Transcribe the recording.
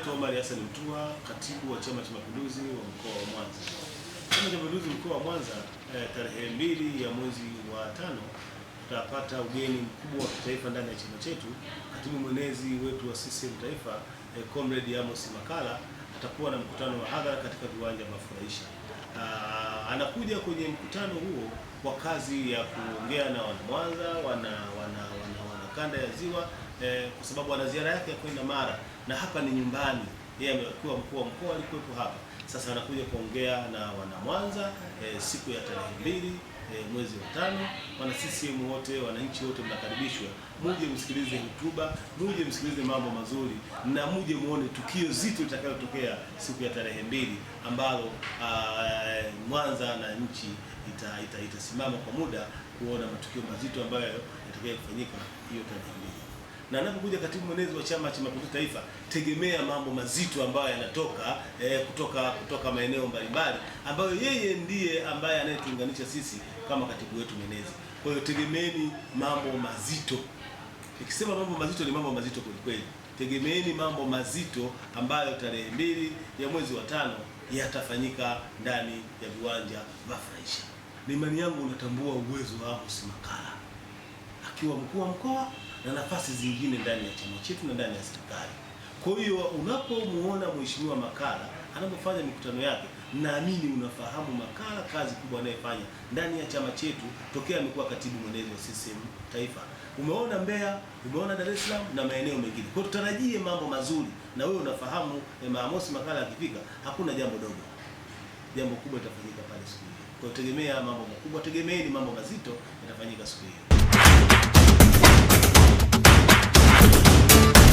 naitwa Omari Hassan Mtua, katibu wa Chama cha Mapinduzi wa mkoa wa Mwanza. Chama cha Mapinduzi mkoa wa Mwanza eh, tarehe mbili ya mwezi wa tano tutapata ugeni mkubwa wa kitaifa ndani ya chama chetu. Katibu mwenezi wetu wa CCM taifa eh, Comrade Amos makala atakuwa na mkutano wa hadhara katika viwanja vya Furahisha. Ah, anakuja kwenye mkutano huo kwa kazi ya kuongea na wanamwanza wana, wana kanda ya ziwa eh, kwa sababu ana ziara yake ya kwenda Mara na hapa ni nyumbani yeye amekuwa mkuu wa mkoa alikuwepo hapa. Sasa anakuja kuongea na wana Mwanza eh, siku ya tarehe mbili eh, mwezi wa tano. Wana CCM wote, wananchi wote mnakaribishwa, muje msikilize hotuba, muje msikilize mambo mazuri na muje muone tukio zito litakalotokea siku ya tarehe mbili ambalo uh, Mwanza na nchi itasimama ita, ita kwa muda kuona matukio mazito ambayo yatakayo kufanyika hiyo tarehe mbili. Na anapokuja katibu mwenezi wa Chama cha Mapinduzi Taifa, tegemea mambo mazito ambayo yanatoka eh, kutoka kutoka maeneo mbalimbali ambayo yeye ndiye ambaye anayetuunganisha sisi kama katibu wetu mwenezi. Kwa hiyo tegemeeni mambo mazito. Nikisema mambo mazito ni mambo mazito kwelikweli. Tegemeeni mambo mazito ambayo tarehe mbili ya mwezi wa tano yatafanyika ndani ya viwanja vya Furahisha. Ni imani yangu unatambua uwezo wa Amos Makalla akiwa mkuu wa mkoa na nafasi zingine ndani ya chama chetu na ndani ya serikali. Kwa hiyo unapomuona Mheshimiwa Makalla anapofanya mikutano yake, naamini unafahamu makala kazi kubwa anayefanya ndani ya chama chetu tokea amekuwa katibu mwenezi wa CCM taifa. Umeona Mbeya, umeona Dar es Salaam na maeneo mengine. Kwa tutarajie mambo mazuri, na wewe unafahamu eh, Maamosi makala akifika, hakuna jambo dogo, jambo kubwa litafanyika pale siku hiyo. Kwa tegemea mambo makubwa, tegemeeni mambo mazito yatafanyika siku hiyo.